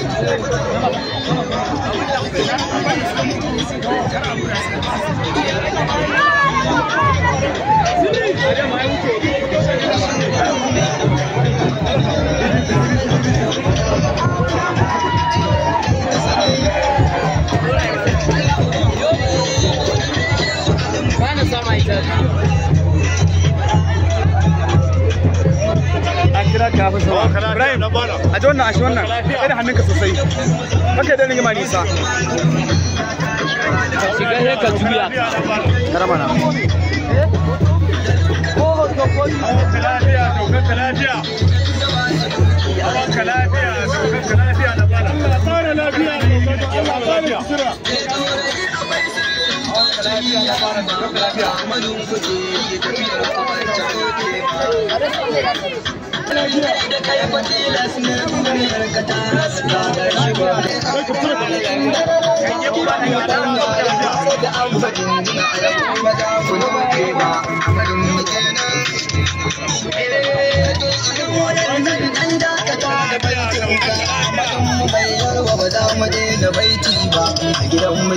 Thank you. ka fi sama Ibrahim a ji wannan a wannan kada hannunka sosai kake da rigima nisa ka shiga sai ka juya karama na lafiya lafiya lafiya ya fara da roka lafiya da kuma ta kuɗi na jira da ta da da a da kuma da kuma a da baiti ba, a gidan mu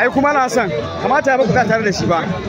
ai kuma na son kamata ya ba ku tare da shi ba